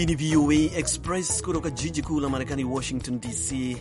Hii ni VOA Express kutoka jiji kuu la Marekani, Washington DC,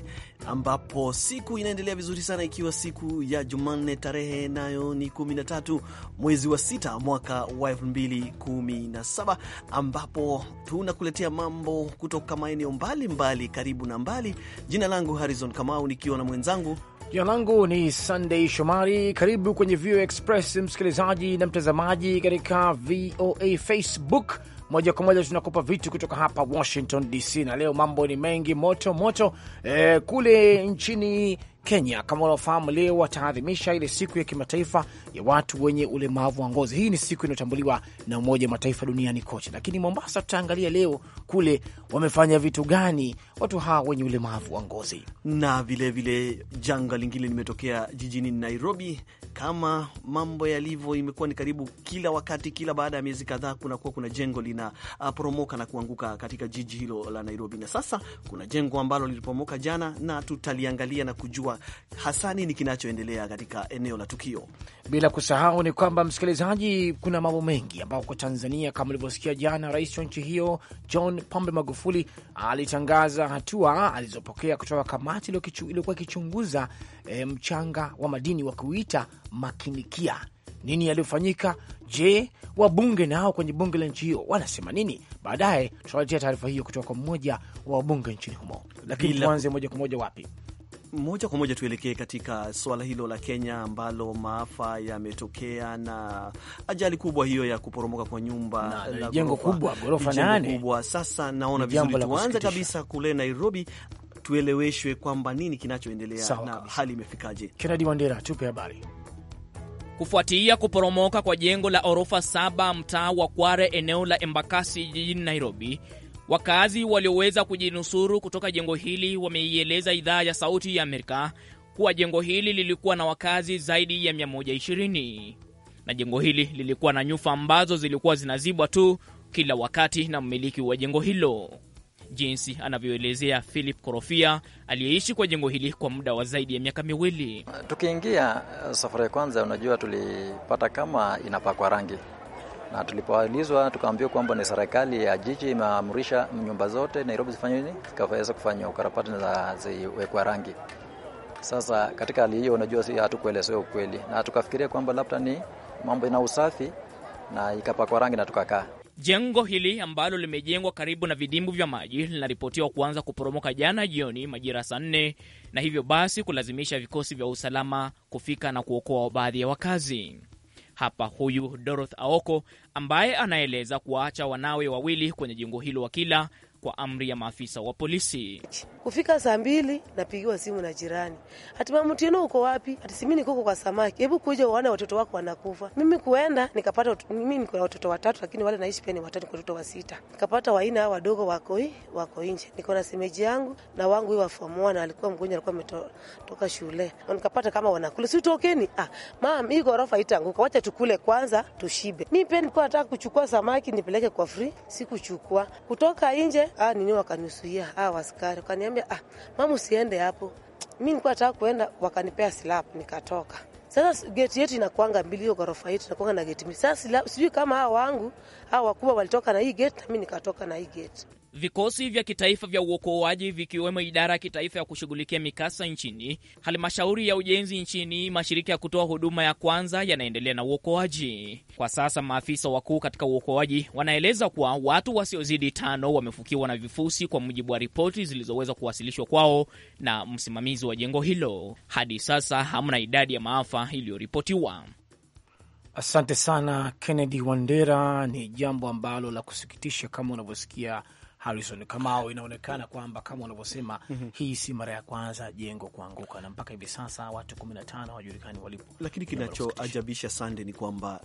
ambapo siku inaendelea vizuri sana, ikiwa siku ya Jumanne tarehe nayo ni 13 mwezi wa sita mwaka wa 2017, ambapo tunakuletea mambo kutoka maeneo mbalimbali karibu na mbali. Jina langu Harrison Kamau, nikiwa na mwenzangu Jina langu ni Sunday Shomari. Karibu kwenye VOA Express msikilizaji na mtazamaji katika VOA Facebook moja kwa moja tunakupa vitu kutoka hapa Washington DC, na leo mambo ni mengi moto moto. E, kule nchini Kenya kama unaofahamu, leo wataadhimisha ile siku ya kimataifa ya watu wenye ulemavu wa ngozi. Hii ni siku inayotambuliwa na Umoja wa Mataifa duniani kote, lakini Mombasa tutaangalia leo kule wamefanya vitu gani watu hawa wenye ulemavu wa ngozi. Na vilevile janga lingine limetokea jijini Nairobi. Kama mambo yalivyo, imekuwa ni karibu kila wakati, kila baada ya miezi kadhaa kunakuwa kuna jengo linaporomoka uh, na kuanguka katika jiji hilo la Nairobi, na sasa kuna jengo ambalo liliporomoka jana na tutaliangalia na kujua kujua hasa nini kinachoendelea katika eneo la tukio. Bila kusahau ni kwamba, msikilizaji, kuna mambo mengi ambayo kwa Tanzania kama ulivyosikia jana, rais wa nchi hiyo John Pombe Magufuli alitangaza hatua alizopokea kutoka kamati iliyokuwa ikichunguza e, mchanga wa madini wa kuita makinikia. Nini yaliyofanyika? Je, wabunge nao kwenye bunge la nchi hiyo wanasema nini? Baadaye tutaletea taarifa hiyo kutoka kwa mmoja wa wabunge nchini humo, lakini tuanze moja kwa moja wapi? Moja kwa moja tuelekee katika suala hilo la Kenya ambalo maafa yametokea na ajali kubwa hiyo ya kuporomoka kwa nyumba na jengo kubwa, ghorofa nane kubwa. Sasa naona vizuri tuanze kabisa kule Nairobi tueleweshwe kwamba nini kinachoendelea na kabisa, hali imefikaje? Kennedy Wandera, tupe habari. Kufuatia kuporomoka kwa jengo la orofa saba mtaa wa Kware eneo la Embakasi jijini Nairobi, Wakazi walioweza kujinusuru kutoka jengo hili wameieleza idhaa ya Sauti ya Amerika kuwa jengo hili lilikuwa na wakazi zaidi ya 120 na jengo hili lilikuwa na nyufa ambazo zilikuwa zinazibwa tu kila wakati na mmiliki wa jengo hilo, jinsi anavyoelezea Philip Korofia aliyeishi kwa jengo hili kwa muda wa zaidi ya miaka miwili. Tukiingia eh, safari ya kwanza, unajua tulipata kama inapakwa rangi na tulipoulizwa tukaambiwa kwamba ni serikali ya jiji imeamrisha nyumba zote Nairobi zifanye nini, zikaweza kufanya ukarabati na ziwekwa rangi. Sasa katika hali hiyo, unajua si hatukuelezea ukweli, na tukafikiria kwamba labda ni mambo ina usafi na ikapakwa rangi na tukakaa. Jengo hili ambalo limejengwa karibu na vidimbu vya maji linaripotiwa kuanza kuporomoka jana jioni majira saa nne, na hivyo basi kulazimisha vikosi vya usalama kufika na kuokoa baadhi ya wakazi hapa huyu Dorothy Aoko ambaye anaeleza kuwaacha wanawe wawili kwenye jengo hilo wakila kwa amri ya maafisa wa polisi. Kufika saa mbili napigiwa simu na jirani, hatima Mtieno, uko wapi? Atisimi niko kwa samaki, hebu kuja uone watoto wako wanakufa. Mimi kuenda nikapata, mimi niko na watoto watatu, lakini wale naishi pia ni watatu, kwa watoto wa sita. Nikapata waina wadogo wako hii wako nje, niko na semeji yangu na wangu wa form 1 alikuwa mgonjwa, alikuwa ametoka shule, na nikapata kama wanakula, si tokeni. Ah mam, hii gorofa itaanguka, wacha tukule kwanza tushibe. Mimi pia nilikuwa nataka kuchukua samaki nipeleke kwa free, sikuchukua kutoka nje ah, nini, wakanisuia ah, waskari wakaniambia, ah, mama usiende hapo. Mi nikuwa nataka kuenda, wakanipea slap nikatoka. Sasa geti yetu inakuanga mbili, hiyo ghorofa yetu inakuanga na geti mbili. Sasa sijui kama hawa wangu hawa wakubwa walitoka na hii geti, nami nikatoka na hii geti. Vikosi vya kitaifa vya uokoaji vikiwemo idara ya kitaifa ya kushughulikia mikasa nchini, halmashauri ya ujenzi nchini, mashirika ya kutoa huduma ya kwanza yanaendelea na uokoaji. Kwa sasa maafisa wakuu katika uokoaji wanaeleza kuwa watu wasiozidi tano wamefukiwa na vifusi, kwa mujibu wa ripoti zilizoweza kuwasilishwa kwao na msimamizi wa jengo hilo. Hadi sasa hamna idadi ya maafa iliyoripotiwa. Asante sana Kennedy Wandera. Ni jambo ambalo la kusikitisha kama unavyosikia Harrison Kamau, inaonekana kwamba kama unavyosema, mm -hmm. hii si mara ya kwanza jengo kuanguka na mpaka hivi sasa watu 15 hawajulikani walipo, lakini kinachoajabisha sande ni kwamba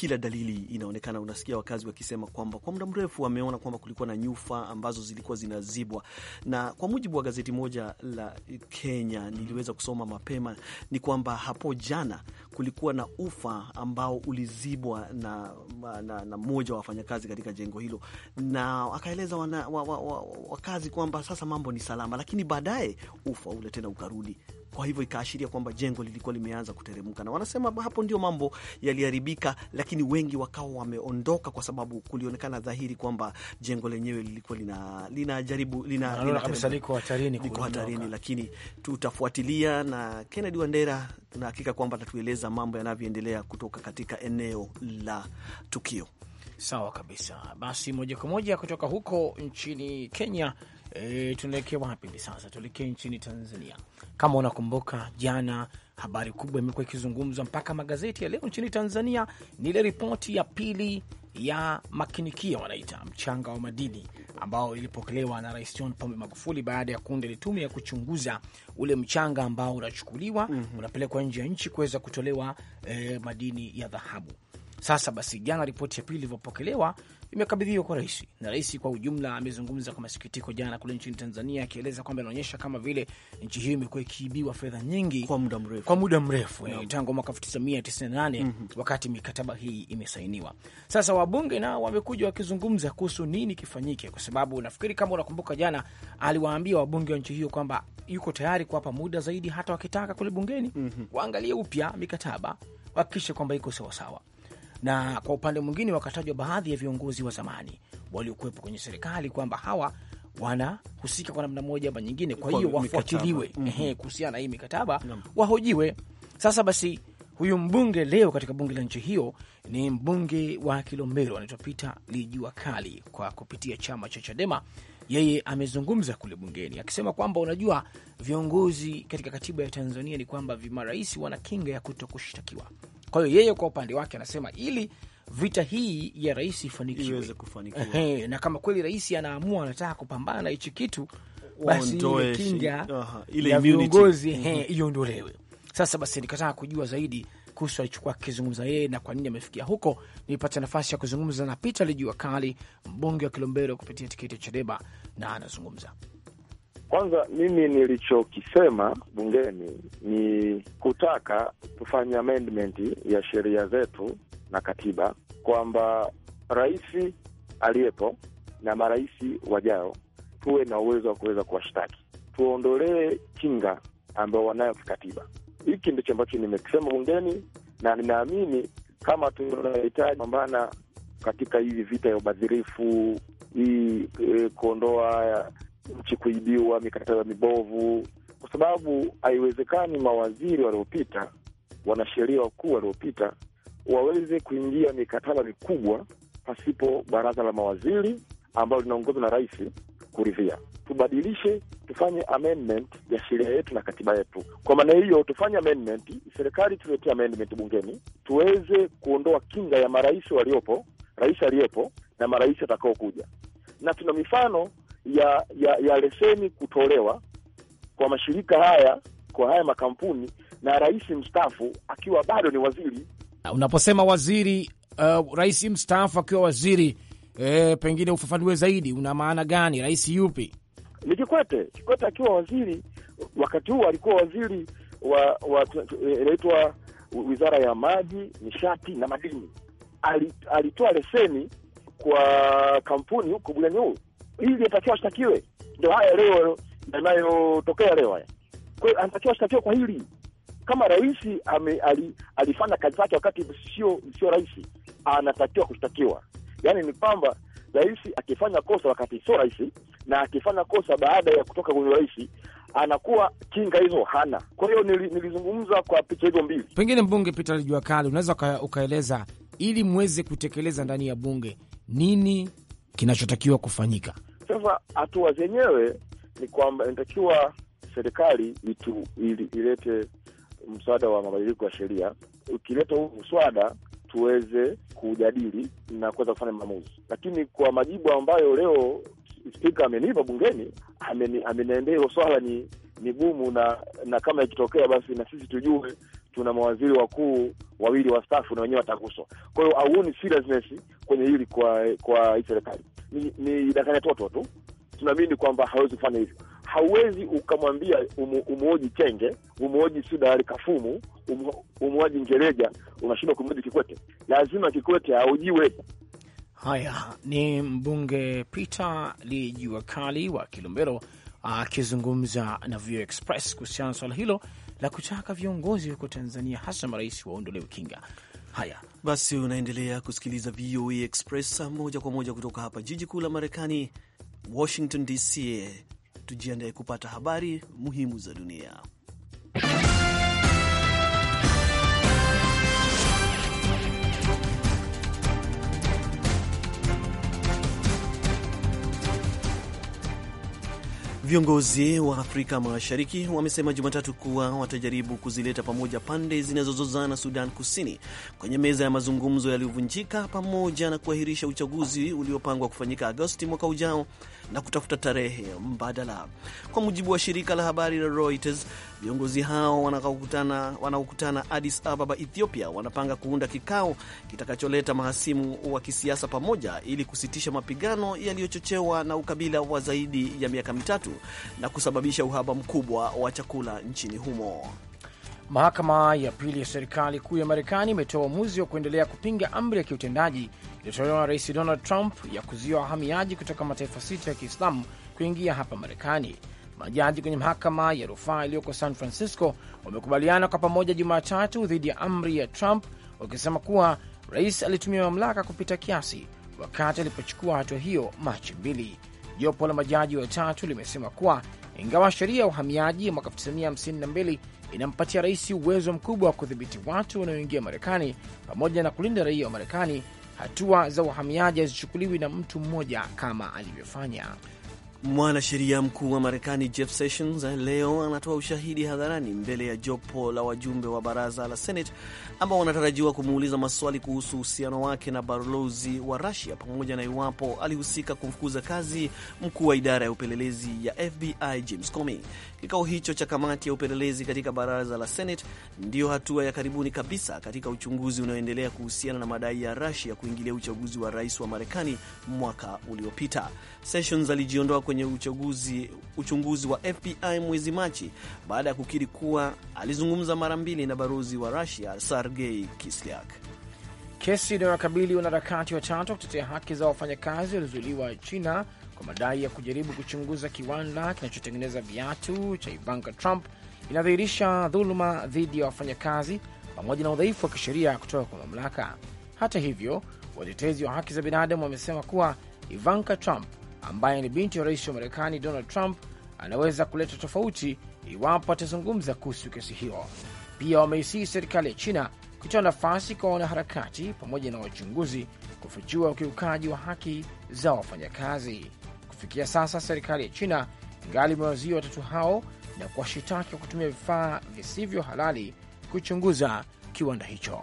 kila dalili inaonekana. Unasikia wakazi wakisema kwamba kwa muda mrefu wameona kwamba kulikuwa na nyufa ambazo zilikuwa zinazibwa, na kwa mujibu wa gazeti moja la Kenya mm-hmm. niliweza kusoma mapema ni kwamba hapo jana kulikuwa na ufa ambao ulizibwa na, na, na mmoja wa wafanyakazi katika jengo hilo, na akaeleza wakazi wa, wa, wa, kwamba sasa mambo ni salama, lakini baadaye ufa ule tena ukarudi kwa hivyo ikaashiria kwamba jengo lilikuwa limeanza kuteremka, na wanasema hapo ndio mambo yaliharibika, lakini wengi wakawa wameondoka kwa sababu kulionekana dhahiri kwamba jengo lenyewe lilikuwa lina, lina lina, lina liko hatarini, lakini tutafuatilia na Kennedy Wandera tunahakika kwamba atatueleza mambo yanavyoendelea kutoka katika eneo la tukio. Sawa kabisa. Basi moja kwa moja kutoka huko nchini Kenya E, tuelekee wapi hivi sasa? Tuelekee nchini Tanzania. Kama unakumbuka jana, habari kubwa imekuwa ikizungumzwa mpaka magazeti ya leo nchini Tanzania ni ile ripoti ya pili ya makinikia wanaita mchanga wa madini ambao ilipokelewa na Rais John Pombe Magufuli baada ya kuunda ile tume ya kuchunguza ule mchanga ambao unachukuliwa mm -hmm. unapelekwa nje ya nchi kuweza kutolewa eh, madini ya dhahabu. Sasa basi, jana ripoti ya pili ilivyopokelewa imekabidhiwa kwa rais, na rais kwa ujumla amezungumza kwa masikitiko jana kule nchini Tanzania, akieleza kwamba inaonyesha kama vile nchi hiyo imekuwa ikiibiwa fedha nyingi kwa muda mrefu, kwa muda mrefu yeah, tangu mwaka 1998 mm -hmm. wakati mikataba hii imesainiwa. Sasa wabunge nao wamekuja wakizungumza kuhusu nini kifanyike, kwa sababu nafikiri kama unakumbuka, jana aliwaambia wabunge wa nchi hiyo kwamba yuko tayari kuwapa muda zaidi, hata wakitaka kule bungeni mm -hmm. waangalie upya mikataba, wahakikishe kwamba iko sawasawa na kwa upande mwingine wakatajwa baadhi ya viongozi wa zamani waliokuwepo kwenye serikali kwamba hawa wanahusika kwa namna moja ama nyingine, kwa hiyo wafuatiliwe mhm. kuhusiana na hii mikataba mm -hmm. wahojiwe. Sasa basi huyu mbunge leo katika bunge la nchi hiyo ni mbunge wa Kilombero, anaitwa Peter Lijua Kali kwa kupitia chama cha Chadema. Yeye amezungumza kule bungeni akisema kwamba unajua, viongozi katika katiba ya Tanzania ni kwamba vimarais wana kinga ya kuto kushtakiwa. Kwa hiyo yeye kwa upande wake anasema ili vita hii ya rais ifanikiwe, na kama kweli rais anaamua anataka kupambana na hichi kitu, basi ile kinga ya viongozi mhm. iondolewe. Sasa basi, nikataka kujua zaidi kuhusu alichokuwa akizungumza yeye na kwa nini amefikia huko. Nilipata nafasi ya kuzungumza na Peter Lijua Kali, mbunge wa Kilombero kupitia tiketi ya Chadema, na anazungumza kwanza mimi nilichokisema bungeni ni kutaka tufanye amendment ya sheria zetu na katiba kwamba rais aliyepo na marais wajao tuwe na uwezo wa kuweza kuwashtaki, tuondolee kinga ambayo wanayo kikatiba. Hiki ndicho ambacho nimekisema bungeni, na ninaamini kama tunahitaji pambana katika hivi vita ya ubadhirifu hii, e, kuondoa nchi kuibiwa, mikataba mibovu, kwa sababu haiwezekani mawaziri waliopita, wanasheria wakuu waliopita waweze kuingia mikataba mikubwa pasipo baraza la mawaziri ambalo linaongozwa na rais kuridhia. Tubadilishe, tufanye amendment ya sheria yetu na katiba yetu. Kwa maana hiyo, tufanye amendment, serikali tuletee amendment bungeni, tuweze kuondoa kinga ya marais waliopo, rais aliyepo na marais atakaokuja, na tuna mifano ya, ya ya leseni kutolewa kwa mashirika haya kwa haya makampuni na rais mstaafu akiwa bado ni waziri. Ah, unaposema waziri uh, rais mstaafu akiwa waziri eh, pengine ufafanue zaidi, una maana gani? Rais yupi? Ni Kikwete. Kikwete akiwa waziri wakati huu alikuwa waziri wa inaitwa wa, wizara ya maji, nishati na madini. Alitoa leseni kwa kampuni huko Bulyanhulu ili atakiwa ashtakiwe. Ndio haya leo yanayotokea leo haya, kwa hiyo anatakiwa ashtakiwe kwa hili. Kama rais ali, alifanya kazi yake wakati sio sio rais, anatakiwa kushtakiwa. Yaani ni kwamba rais akifanya kosa wakati sio rais na akifanya kosa baada ya kutoka kwenye rais anakuwa kinga hizo hana. Kwa hiyo nilizungumza kwa picha hizo mbili. Pengine mbunge Peter Jua Kali, unaweza ukaeleza ili mweze kutekeleza ndani ya bunge nini kinachotakiwa kufanyika sasa hatua zenyewe ni kwamba inatakiwa serikali itu, ili, ilete mswada wa mabadiliko ya sheria. Ukileta huu mswada tuweze kujadili na kuweza kufanya maamuzi, lakini kwa majibu ambayo leo spika amenipa bungeni, ameniendea hilo swala ni ni gumu, na na kama ikitokea basi na sisi tujue tuna mawaziri wakuu wawili wastaafu na wenyewe wataguswa. Kwa hiyo auoni seriousness kwenye hili kwa kwa hii serikali ni, ni dakanya toto tu. Tunaamini kwamba hawezi kufanya hivyo. Hauwezi ukamwambia umu, umuoji Chenge, umuoji Sudari Kafumu, umu, umuoji Ngereja, unashindwa kumuoji Kikwete. Lazima Kikwete aujiwe. Haya ni mbunge Peter Lijua Kali wa Kilombero akizungumza na Vio Express kuhusiana na swala hilo la kutaka viongozi huko Tanzania, hasa marais waondolewe kinga. Haya basi, unaendelea kusikiliza VOA e Express moja kwa moja kutoka hapa jiji kuu la Marekani, Washington DC. Tujiandae kupata habari muhimu za dunia. Viongozi wa Afrika Mashariki wamesema Jumatatu kuwa watajaribu kuzileta pamoja pande zinazozozana Sudan Kusini kwenye meza ya mazungumzo yaliyovunjika pamoja na kuahirisha uchaguzi uliopangwa kufanyika Agosti mwaka ujao na kutafuta tarehe mbadala. Kwa mujibu wa shirika la habari la Reuters, viongozi hao wanaokutana adis Addis Ababa, Ethiopia, wanapanga kuunda kikao kitakacholeta mahasimu wa kisiasa pamoja ili kusitisha mapigano yaliyochochewa na ukabila wa zaidi ya miaka mitatu na kusababisha uhaba mkubwa wa chakula nchini humo. Mahakama ya pili ya serikali kuu ya Marekani imetoa uamuzi wa kuendelea kupinga amri ya kiutendaji iliyotolewa na Rais Donald Trump ya kuzuia wahamiaji kutoka mataifa sita ya Kiislamu kuingia hapa Marekani. Majaji kwenye mahakama ya rufaa iliyoko San Francisco wamekubaliana kwa pamoja Jumatatu dhidi ya amri ya Trump, wakisema kuwa rais alitumia mamlaka kupita kiasi wakati alipochukua hatua hiyo Machi mbili. Jopo la majaji watatu limesema kuwa ingawa sheria ya uhamiaji ya mwaka 1952 inampatia rais uwezo mkubwa wa kudhibiti watu wanaoingia Marekani pamoja na kulinda raia wa Marekani. Hatua za uhamiaji hazichukuliwi na mtu mmoja kama alivyofanya mwanasheria mkuu wa Marekani Jeff Sessions leo anatoa ushahidi hadharani mbele ya jopo la wajumbe wa baraza la Senate ambao wanatarajiwa kumuuliza maswali kuhusu uhusiano wake na balozi wa Rusia pamoja na iwapo alihusika kumfukuza kazi mkuu wa idara ya upelelezi ya FBI James Comey. Kikao hicho cha kamati ya upelelezi katika baraza la Senate ndiyo hatua ya karibuni kabisa katika uchunguzi unaoendelea kuhusiana na madai ya rasia kuingilia uchaguzi wa rais wa Marekani mwaka uliopita. Sessions alijiondoa kwenye uchaguzi, uchunguzi wa FBI mwezi Machi baada ya kukiri kuwa alizungumza mara mbili na balozi wa russia Sergei Kislyak. Kesi inayowakabili wanaharakati watatu kutetea haki za wafanyakazi waliozuiliwa China kwa madai ya kujaribu kuchunguza kiwanda kinachotengeneza viatu cha Ivanka Trump inadhihirisha dhuluma dhidi ya wafanyakazi pamoja na udhaifu wa kisheria kutoka kwa mamlaka. Hata hivyo, watetezi wa haki za binadamu wamesema kuwa Ivanka Trump ambaye ni binti wa rais wa Marekani Donald Trump anaweza kuleta tofauti iwapo atazungumza kuhusu kesi hiyo. Pia wameisihi serikali ya China kutoa nafasi kwa wanaharakati pamoja na wachunguzi kufichua ukiukaji wa haki za wafanyakazi. Kufikia sasa, serikali ya China ingali imewazuia watatu hao na kuwashitaki kwa kutumia vifaa visivyo halali kuchunguza kiwanda hicho.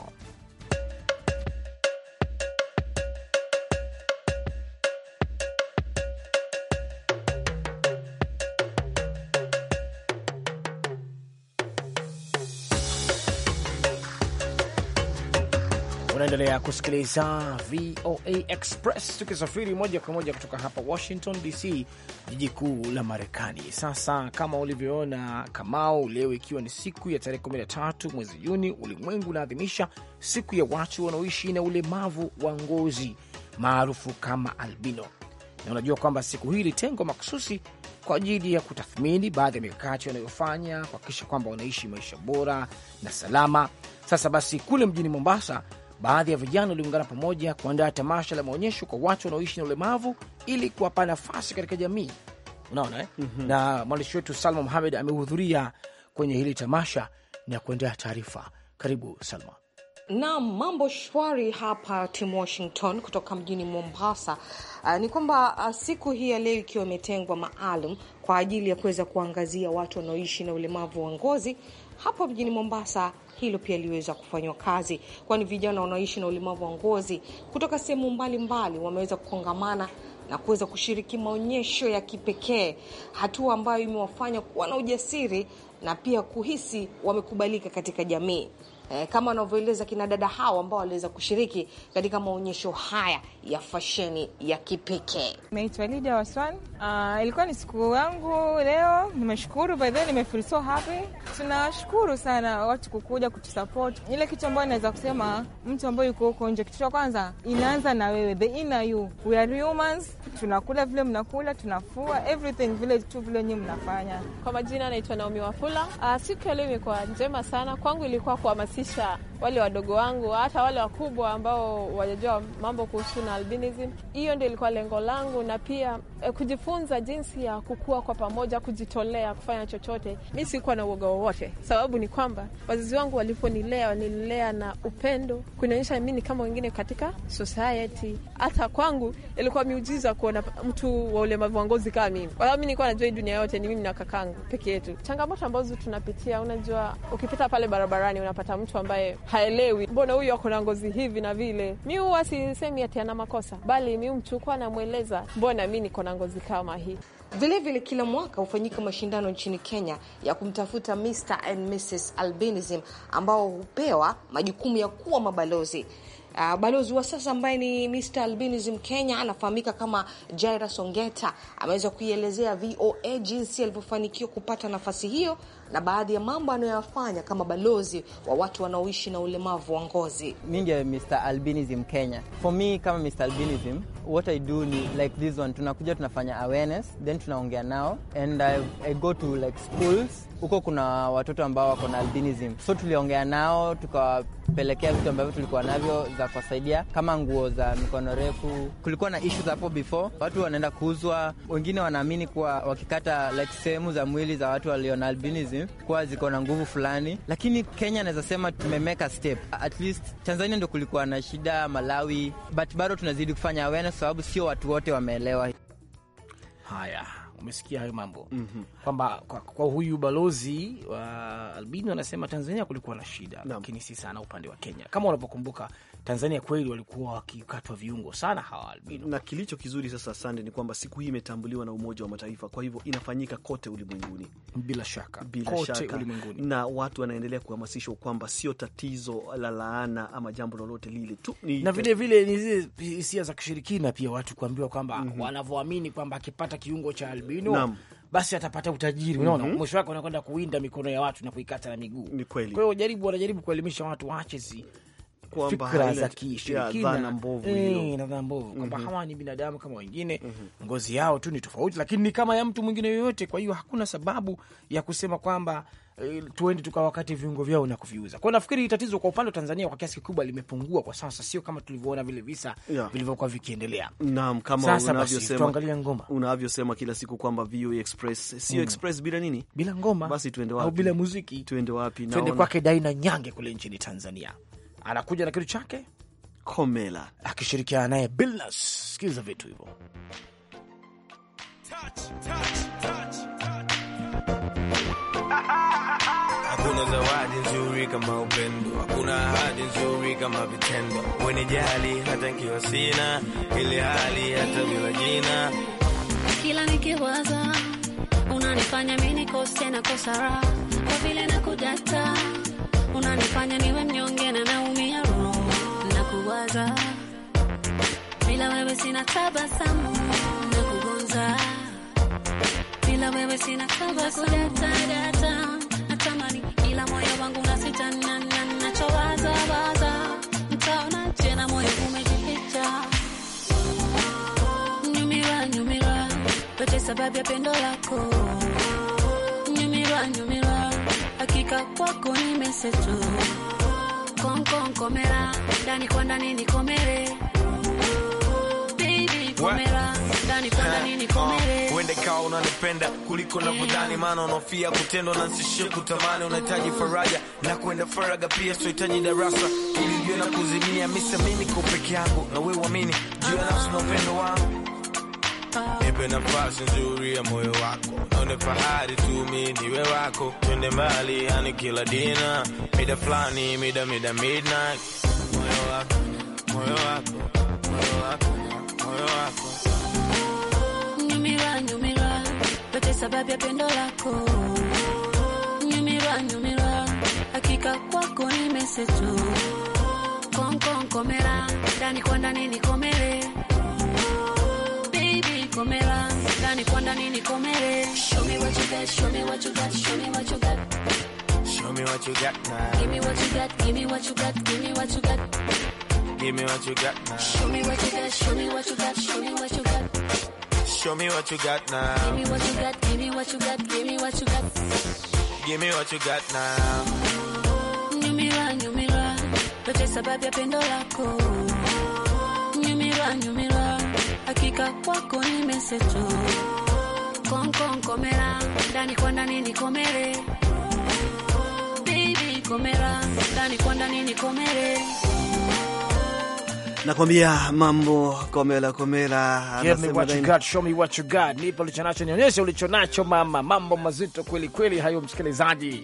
Unaendelea kusikiliza VOA Express tukisafiri moja kwa moja kutoka hapa Washington DC, jiji kuu la Marekani. Sasa kama ulivyoona Kamau, leo ikiwa ni siku ya tarehe 13 mwezi Juni, ulimwengu unaadhimisha siku ya watu wanaoishi na ulemavu wa ngozi maarufu kama albino, na unajua kwamba siku hii ilitengwa makususi kwa ajili ya kutathmini baadhi ya mikakati wanayofanya kuhakikisha kwamba wanaishi maisha bora na salama. Sasa basi, kule mjini Mombasa baadhi ya vijana waliungana pamoja kuandaa tamasha la maonyesho kwa watu wanaoishi na ulemavu ili kuwapa nafasi katika jamii. Unaona eh? mm -hmm. Na mwandishi wetu Salma Muhamed amehudhuria kwenye hili tamasha na kuendea taarifa. Karibu Salma. Na mambo shwari hapa Tim Washington kutoka mjini Mombasa. Uh, ni kwamba uh, siku hii ya leo ikiwa imetengwa maalum kwa ajili ya kuweza kuangazia watu wanaoishi na ulemavu wa ngozi hapo mjini Mombasa hilo pia liweza kufanywa kazi, kwani vijana wanaoishi na ulemavu wa ngozi kutoka sehemu mbalimbali wameweza kukongamana na kuweza kushiriki maonyesho ya kipekee, hatua ambayo imewafanya kuwa na ujasiri na pia kuhisi wamekubalika katika jamii eh, kama wanavyoeleza kina dada hao ambao waliweza kushiriki katika maonyesho haya ya fasheni ya kipekee. Naitwa Lidia Waswan. Uh, ilikuwa ni siku yangu leo, nimeshukuru by the way, nimefeel so happy. Tunashukuru sana watu kukuja kutusupport. Ile kitu ambayo naweza kusema mtu ambaye yuko huko nje, kitu cha kwanza inaanza na wewe, the inner you. We are humans, tunakula vile mnakula, tunafua everything vile tu vile nyinyi mnafanya. Kwa majina naitwa Naomi Wafula. Uh, siku ya leo imekuwa njema sana kwangu, ilikuwa kwa masi kuhamasisha wale wadogo wangu, hata wale wakubwa ambao wajajua mambo kuhusu na albinism. Hiyo ndio ilikuwa lengo langu, na pia eh, kujifunza jinsi ya kukua kwa pamoja, kujitolea kufanya chochote. Mi sikuwa na uoga wowote, sababu ni kwamba wazazi wangu waliponilea, wanilea na upendo, kunionyesha mi ni kama wengine katika society. Hata kwangu ilikuwa miujiza kuona mtu wa ulemavu wa ngozi kama mimi, kwa sababu mi nilikuwa najua hii dunia yote ni mimi na kakangu peke yetu. Changamoto ambazo tunapitia, unajua ukipita pale barabarani unapata mtu ambaye haelewi, mbona huyu ako na ngozi hivi na vile. Mi huwa sisemi ati ana makosa, bali mi mchukua namweleza, mbona mi niko na ngozi kama hii. Vilevile kila mwaka hufanyika mashindano nchini Kenya ya kumtafuta Mr and Mrs Albinism ambao hupewa majukumu ya kuwa mabalozi. Uh, balozi wa sasa ambaye ni Mr Albinism Kenya anafahamika kama Jaira Songeta ameweza kuielezea VOA jinsi alivyofanikiwa kupata nafasi hiyo na baadhi ya mambo anayoyafanya kama balozi wa watu wanaoishi na ulemavu wa ngozi. Mi ndio Mr Albinism Kenya. For me kama Mr Albinism, what I do ni like this one, tunakuja tunafanya awareness then tunaongea nao and I, I go to like schools huko kuna watoto ambao wako na albinism, so tuliongea nao tukawapelekea vitu ambavyo tulikuwa navyo za kuwasaidia kama nguo za mikono refu. Kulikuwa na issues hapo before, watu wanaenda kuuzwa, wengine wanaamini kuwa wakikata like sehemu za mwili za watu walio na albinism kazi kuwa ziko na nguvu fulani, lakini Kenya naweza sema tumemeka step at least. Tanzania ndo kulikuwa na shida, Malawi, but bado tunazidi kufanya awareness, sababu sio watu wote wameelewa haya umesikia hayo mambo mm -hmm. kwamba kwa, kwa huyu balozi wa albino anasema Tanzania kulikuwa na shida no. lakini si sana upande wa Kenya. Kama unavyokumbuka, Tanzania kweli walikuwa wakikatwa viungo sana hawa albino, na kilicho kizuri sasa, sande ni kwamba siku hii imetambuliwa na Umoja wa Mataifa, kwa hivyo inafanyika kote ulimwenguni bila shaka, bila kote shaka ulimwenguni, na watu wanaendelea kuhamasishwa kwamba sio tatizo la laana ama jambo lolote lile tu, na vilevile ni zile hisia za kishirikina pia watu kuambiwa kwamba mm -hmm. wanavyoamini kwamba akipata kiungo cha albino albino Basi atapata utajiri, unaona mm -hmm. Mwisho wake wanakwenda kuwinda mikono ya watu na kuikata na miguu. Ni kweli. Kwa hiyo jaribu, wanajaribu kuelimisha watu waache fikra za kishirikina mbovu, eh, dhana mbovu kwamba mhm. hawa ni binadamu kama wengine, mhm. ngozi yao tu ni tofauti, lakini ni kama ya mtu mwingine yoyote. Kwa hiyo hakuna sababu ya kusema kwamba eh, tuende wakati viungo vyao na kuviuza kwao. Nafikiri tatizo kwa upande wa Tanzania kwa kiasi kikubwa limepungua kwa sasa, sio kama tulivyoona vile visa yeah, vilivyokuwa vikiendelea. Naam, kama unavyosema, tuangalia ngoma, unavyosema kila siku kwamba VOA Express sio mm, express bila nini, bila ngoma, basi tuende wapi? Au bila muziki tuende wapi? Naona Tuende kwake Daina Nyange kule nchini Tanzania anakuja na kitu chake Komela akishirikiana naye Billnass. Sikiliza vitu hivyo. Hakuna zawadi nzuri kama upendo, hakuna ahadi nzuri kama vitendo. hata nkiwa sina, ili hali hata bila jina, kila nikiwaza unanifanya mimi nikose na kosara, kwa vile unanifanya niwe mnyonge na naumia roho na kuwaza bila wewe sina tabasamu na kugonza bila wewe sina kudata natamani ila moyo wangu unasita nachowaza waza mtaona tena moyo umejificha nyumira nyumira pete sababu ya pendo lako nyumira nyumira hakika kwako nimesetu konkonkomera ndani kwa ndani nikomere eh, oh, uende kawa unanipenda kuliko navyodhani, maana unaofia kutendwa na nsishie kutamani. Unahitaji faraja na kuenda faraga pia, sohitaji darasa ilijue na kuzimia misa. mimi kwa peke yangu na we uamini juu ya nafsi na upendo wangu nipe nafasi nzuri ya moyo wako, naone fahari tu mi niwe wako, twende mbali, yani kila dina, mida fulani, mida mida midnight, moyo wako, moyo wako, moyo wako, moyo wako, nyumira nyumira, yote sababu ya pendo lako, nyumira nyumira, hakika kwako nimesetu, konkonkomera, ndani kwa ndani nikomere me comer Show me what you got, show me what you got, show me what you got. Show me what you got now. Give me what you got, give me what you got, give me what you got. Give me what you got now. Show me what you got, show me what you got, show me what you got. Show me what you got now. Give me what you got, give me what you got, give me what you got. Give me what you got now. Nyumira, nyumira, tote sababu ya pendo lako. Nyumira, nyumira, hakika kwako nimeseto. nkonko nkomera ndani kwa ndani nikomere oh, baby komera ndani kwa ndani nikomere Nakwambia mambo komela komela, nipe ulichonacho, nionyeshe ulichonacho mama. Mambo mazito kweli kweli hayo, msikilizaji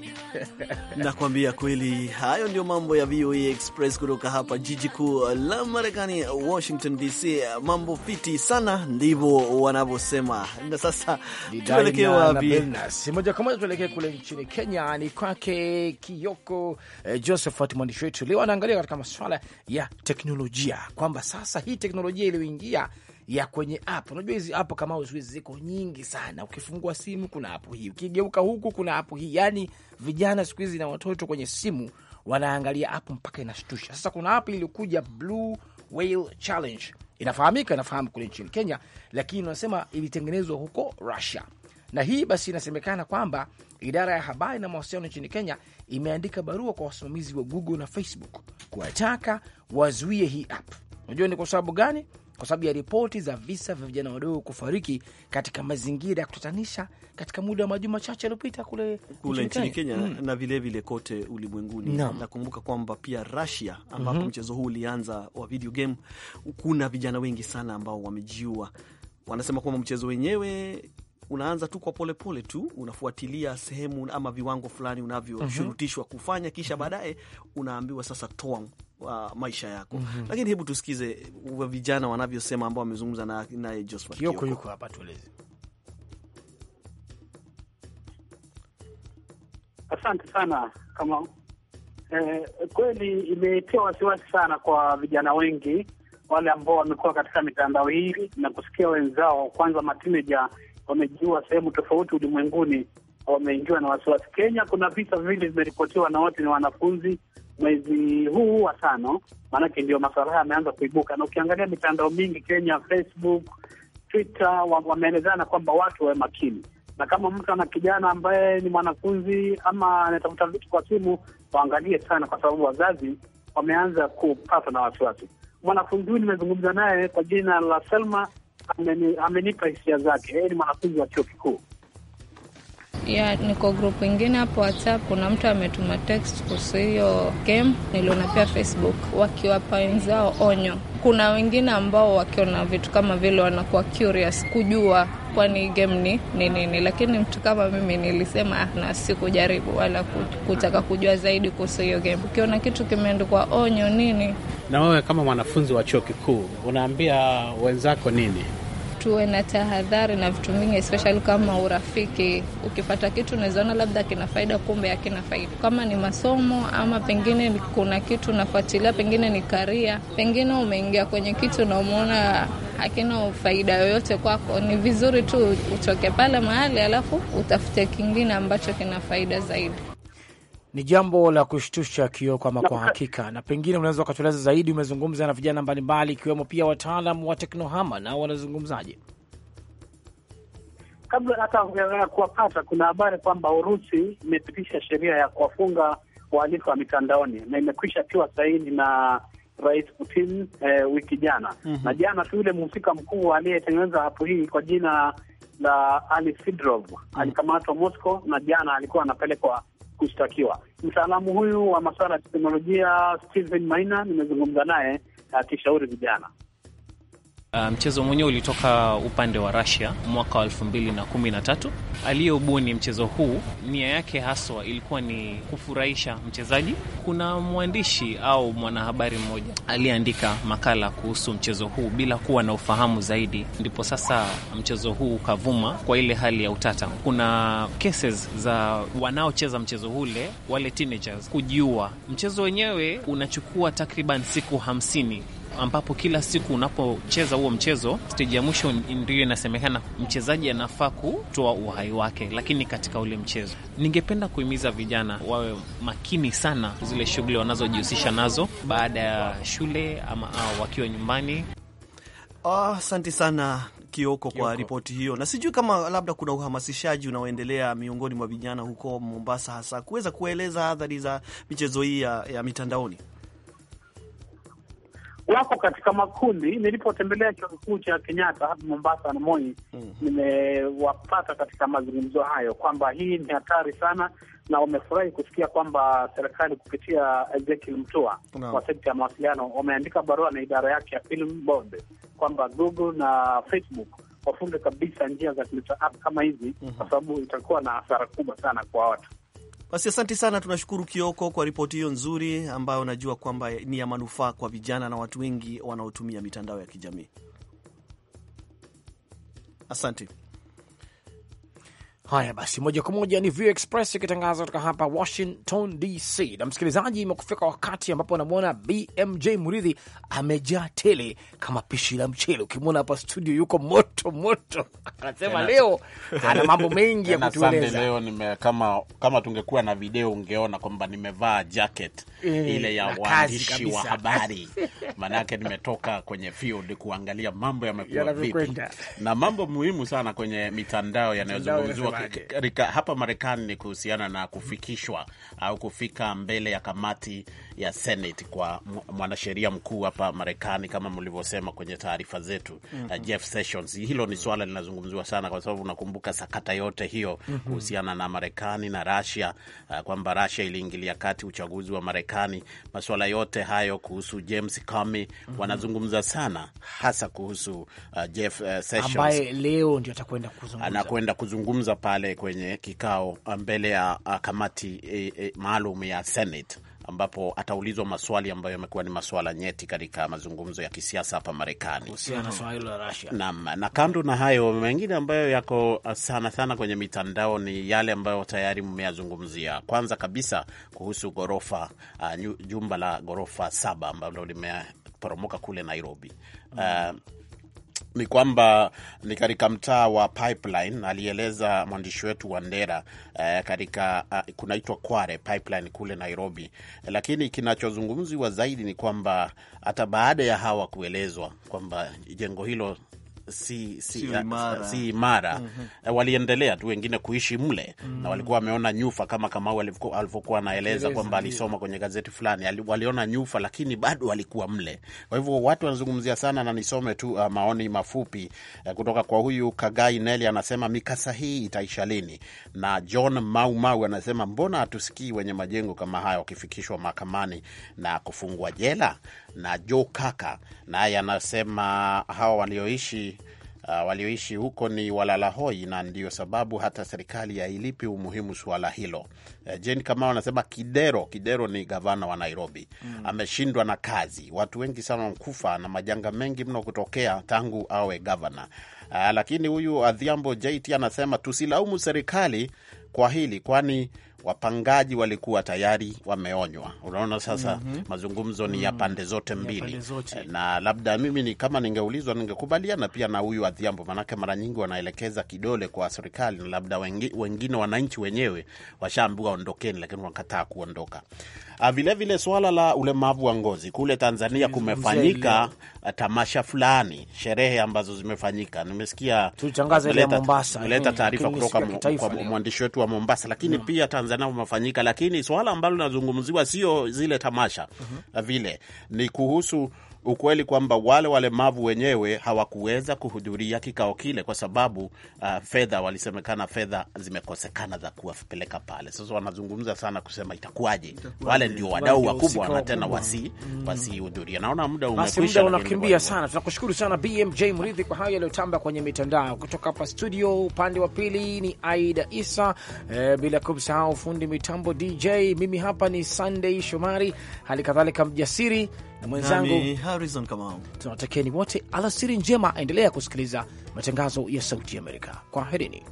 nakwambia kweli, hayo ndio mambo ya VOA e Express kutoka hapa jiji kuu la Marekani, Washington DC. Mambo fiti sana, ndivyo wanavyosema. Na sasa tuelekee wapi? Si Moja kwa moja tuelekee kule nchini Kenya, ni kwake Kioko eh, Josephat mwandishi wetu. Leo anaangalia katika masuala ya teknolojia kwamba sasa hii teknolojia iliyoingia ya kwenye app, unajua hizi app kama siku hizi ziko nyingi sana. Ukifungua simu kuna app hii, ukigeuka huku kuna app hii. Yani vijana siku hizi na watoto kwenye simu wanaangalia app mpaka inashtusha. Sasa kuna app iliyokuja Blue Whale Challenge, inafahamika, inafahamu kule nchini Kenya, lakini unasema ilitengenezwa huko Russia na hii basi inasemekana kwamba idara ya habari na mawasiliano nchini Kenya imeandika barua kwa wasimamizi wa Google na Facebook kuwataka wazuie hii app. Unajua ni kwa sababu gani? Kwa sababu ya ripoti za visa vya vijana wadogo kufariki katika mazingira ya kutatanisha katika muda wa majuma machache yaliyopita kule kule nchini Kenya mm. na vilevile vile kote ulimwenguni no. Nakumbuka kwamba pia Russia ambapo mm -hmm. mchezo huu ulianza wa video game, kuna vijana wengi sana ambao wamejiua. Wanasema kwamba mchezo wenyewe unaanza tu kwa polepole tu, unafuatilia sehemu ama viwango fulani unavyoshurutishwa mhm. kufanya, kisha mhm. baadaye unaambiwa sasa toa Uh, maisha yako mm -hmm. Lakini hebu tusikize vijana wanavyosema ambao wamezungumza naye Josephat Kioko yuko hapa, tueleze. Asante sana kama eh, kweli imetia wasiwasi sana kwa vijana wengi wale ambao wamekuwa katika mitandao hii na kusikia wenzao, kwanza matineja wamejiua sehemu tofauti ulimwenguni wameingiwa na wasiwasi. Kenya kuna visa viwili vimeripotiwa na wote ni wanafunzi mwezi huu wa tano, maanake ndio masuala haya yameanza kuibuka, na ukiangalia mitandao mingi Kenya, Facebook, Twitter, wameelezana kwamba watu wawe makini, na kama mtu ana kijana ambaye ni mwanafunzi ama anatafuta vitu kwa simu, waangalie sana, kwa sababu wazazi wameanza kupatwa na wasiwasi. Mwanafunzi huyu nimezungumza naye kwa jina la Selma amenipa hisia zake. Yeye ni mwanafunzi wa chuo kikuu ya niko grupu ingine hapo WhatsApp, kuna mtu ametuma text kuhusu hiyo game, niliona pia Facebook wakiwapa wenzao onyo. Kuna wengine ambao wakiona vitu kama vile wanakuwa curious kujua kwani game ni ni nini, lakini mtu kama mimi nilisema na sikujaribu wala kutaka kujua zaidi kuhusu hiyo game. Ukiona kitu kimeandikwa onyo nini. Na wewe kama mwanafunzi wa chuo kikuu unaambia wenzako nini? Tuwe na tahadhari na vitu vingi, especially kama urafiki. Ukipata kitu unawezaona labda kina faida, kumbe hakina faida. Kama ni masomo ama pengine kuna kitu unafuatilia, pengine ni karia, pengine umeingia kwenye kitu na umeona hakina faida yoyote kwako, ni vizuri tu utoke pale mahali, alafu utafute kingine ambacho kina faida zaidi. Ni jambo la kushtusha kio kwama kwa hakika, na pengine unaweza ukatueleza zaidi. Umezungumza na vijana mbalimbali, ikiwemo pia wataalam wa teknohama, nao wanazungumzaje? Kabla hata ya kuwapata, kuna habari kwamba Urusi imepitisha sheria ya kuwafunga wahalifu wa mitandaoni na imekwisha piwa saini na Rais Putin eh, wiki jana mm -hmm. na jana tu yule mhusika mkuu aliyetengeneza hapo hii kwa jina la Ali Sidrov mm -hmm. alikamatwa Moscow na jana alikuwa anapelekwa kushtakiwa. Mtaalamu huyu wa masuala ya teknolojia Stephen Maina nimezungumza naye akishauri vijana Uh, mchezo mwenyewe ulitoka upande wa Russia mwaka wa tatu. Aliyobuni mchezo huu nia yake haswa ilikuwa ni kufurahisha mchezaji. Kuna mwandishi au mwanahabari mmoja aliyeandika makala kuhusu mchezo huu bila kuwa na ufahamu zaidi, ndipo sasa mchezo huu ukavuma kwa ile hali ya utata. Kuna cases za wanaocheza mchezo hule, wale teenagers kujiua. Mchezo wenyewe unachukua takriban siku hamsini ambapo kila siku unapocheza huo mchezo, steji ya mwisho ndiyo inasemekana mchezaji anafaa kutoa uhai wake, lakini katika ule mchezo. Ningependa kuhimiza vijana wawe makini sana zile shughuli wanazojihusisha nazo baada ya shule ama wakiwa nyumbani. Ah, asante oh, sana Kioko kwa ripoti hiyo, na sijui kama labda kuna uhamasishaji unaoendelea miongoni mwa vijana huko Mombasa, hasa kuweza kueleza adhari za michezo hii ya, ya mitandaoni wako katika makundi. Nilipotembelea chuo kikuu cha Kenyatta hapa Mombasa na Moi, mm -hmm. nimewapata katika mazungumzo hayo kwamba hii ni hatari sana, na wamefurahi kusikia kwamba serikali kupitia Ezekiel mtua no. wa sekta ya mawasiliano wameandika barua na idara yake ya Film Board kwamba Google na Facebook wafunge kabisa njia za mitandao kama hizi, mhm. kwa mm -hmm. sababu itakuwa na hasara kubwa sana kwa watu. Basi asante sana, tunashukuru Kioko kwa ripoti hiyo nzuri ambayo najua kwamba ni ya manufaa kwa vijana na watu wengi wanaotumia mitandao ya kijamii. Asante. Haya basi, moja kwa moja ni View Express ikitangaza kutoka hapa Washington DC. Na msikilizaji, imekufika wakati ambapo anamwona BMJ Muridhi amejaa tele kama pishi la mchele. Ukimwona hapa studio yuko moto moto, anasema leo ana mambo mengi ya kutueleza. Leo nime, kama, kama tungekuwa na video ungeona kwamba nimevaa jacket Eh, ile ya waandishi wa habari manake nimetoka kwenye field kuangalia mambo yamekuwa vipi na mambo muhimu sana kwenye mitandao yanayozungumziwa hapa Marekani ni kuhusiana na kufikishwa au kufika mbele ya kamati ya Senate kwa mwanasheria mkuu hapa Marekani, kama mlivyosema kwenye taarifa zetu mm -hmm. Jeff Sessions. Hilo ni swala linazungumziwa sana, kwa sababu unakumbuka sakata yote hiyo mhm. kuhusiana na Marekani na Rasia, uh, kwamba Rasia iliingilia kati uchaguzi wa Marekani. Masuala yote hayo kuhusu James Comey mm -hmm. wanazungumza sana, hasa kuhusu uh, Jeff uh, Sessions ambaye leo ndio atakwenda kuzungumza, anakwenda kuzungumza pale kwenye kikao uh, mbele ya uh, kamati e, e, maalum ya Senate ambapo ataulizwa maswali ambayo yamekuwa ni maswala nyeti katika mazungumzo ya kisiasa hapa Marekani na Naam, na kando na hayo mengine ambayo yako uh, sana sana kwenye mitandao ni yale ambayo tayari mmeyazungumzia. Kwanza kabisa kuhusu ghorofa uh, jumba la ghorofa saba ambalo limeporomoka kule Nairobi. Uh, ni kwamba ni katika mtaa wa Pipeline, alieleza mwandishi wetu Wandera eh, katika uh, kunaitwa Kware Pipeline kule Nairobi. Lakini kinachozungumziwa zaidi ni kwamba hata baada ya hawa kuelezwa kwamba jengo hilo si, si, si eh, imara, si imara. Mm -hmm. Waliendelea tu wengine kuishi mle mm -hmm. na walikuwa wameona nyufa kama Kamau alivyokuwa anaeleza kwamba alisoma kwenye gazeti fulani, waliona nyufa lakini bado walikuwa mle. Kwa hivyo watu wanazungumzia sana, na nisome tu uh, maoni mafupi uh, kutoka kwa huyu Kagai Neli anasema mikasa hii itaisha lini? Na John Mau anasema mbona hatusikii wenye majengo kama hayo wakifikishwa mahakamani na kufungwa jela? na Joe Kaka naye anasema hawa walioishi Uh, walioishi huko ni walalahoi na ndio sababu hata serikali hailipi umuhimu suala hilo. Uh, Jane Kamau anasema Kidero, Kidero ni gavana wa Nairobi mm, ameshindwa na kazi, watu wengi sana wamekufa na majanga mengi mno kutokea tangu awe gavana. Uh, lakini huyu Adhiambo JT anasema tusilaumu serikali kwa hili, kwani wapangaji walikuwa tayari wameonywa. Unaona sasa, mm -hmm. mazungumzo ni mm -hmm. ya pande zote mbili zote. Na labda mimi ni kama ningeulizwa ningekubaliana pia na huyu Adhiambo, manake mara nyingi wanaelekeza kidole kwa serikali na labda wengi, wengine wananchi wenyewe washaambiwa ondokeni, lakini wakataa kuondoka. Vilevile ah, swala la ulemavu wa ngozi kule Tanzania kumefanyika tamasha fulani, sherehe ambazo zimefanyika, nimesikia tuleta mm. taarifa kutoka mwandishi wetu wa Mombasa, lakini no. Mm. pia Tanzania umefanyika, lakini swala ambalo linazungumziwa sio zile tamasha uh mhm. -huh. vile ni kuhusu ukweli kwamba wale walemavu wenyewe hawakuweza kuhudhuria kikao kile kwa sababu uh, fedha walisemekana, fedha zimekosekana za kuwapeleka pale. Sasa wanazungumza sana kusema itakuwaje, wale ndio wadau wakubwa na tena wasi mm, wasihudhuria. Naona muda umekwisha, unakimbia sana. Tunakushukuru sana BMJ Mridhi kwa hayo yaliyotamba kwenye mitandao. Kutoka hapa studio upande wa pili ni Aida Isa eh, bila kumsahau fundi mitambo DJ, mimi hapa ni Sunday Shomari, hali kadhalika Mjasiri na mwenzangu Harrison Kamau. Tunawatakieni wote alasiri njema, endelea kusikiliza matangazo ya Sauti ya Amerika. Kwaherini.